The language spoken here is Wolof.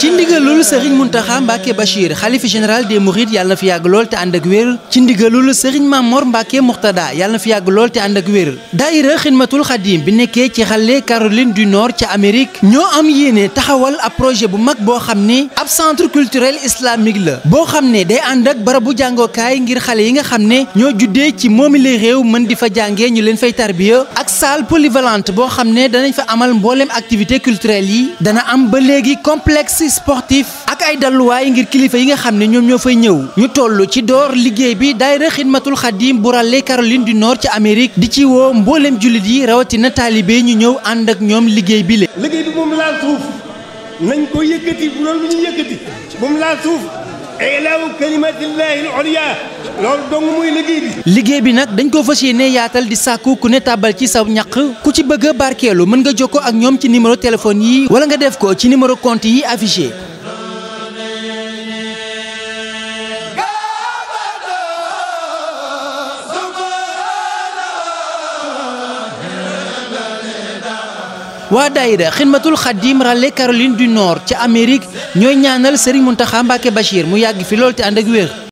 ci ndigalul Serigne Mountakha Mbacké Bachir xalifa général des Mourides yàlla na fi yàgg lool te ànd ak wér ci ndigalul Serigne Mamor Mbacké Mourtada yàlla na fi yàgg lool te ànd ak wér daayira xidmatul xadim bi nekkee ci xale Caroline du Nord ca Amérique ñoo am yéene taxawal ab projet bu mag boo xam ne ab centre culturel islamique la boo xam ne day ànd ak barabu jàngookaay ngir xale yi nga xam ne ñoo juddee ci moomile réew mën di fa jàngee ñu leen fay tarbiya ak salle boo xam ne danañ fa amal mbooleem activité culturelle yi sportif ak ay dalluwaay ngir kilifa yi nga xam ne ñoom ñoo fay ñëw ñu toll ci door liggéey bi daayira xidmatul xadim bu rale Caroline di noor ci Amérique di ci woo mbooleem jullit yi rawatina taalibe ñu ñëw ànd ak ñoom liggéey bi la. liggéey bi moom laal suuf nañ ko yëkkati bu loolu ñu yëkkati moom laal suuf ilaaw kalimatillahi ulya lool dong muy liggéey bi. nag dañ koo fas yéene yaatal di sàkku ku ne tàbbal ci saw ñaq ku ci bëgg a barkeelu mën nga ko ak ñoom ci numéro téléphone yi wala nga def ko ci numéro compte yi affiché. waa daayira xidmatul xadim rale Caroline du Nord ca Amérique ñooy ñaanal Serigne Mountakha Mbacké Bachir mu yàgg fi lool te ànd ak wér.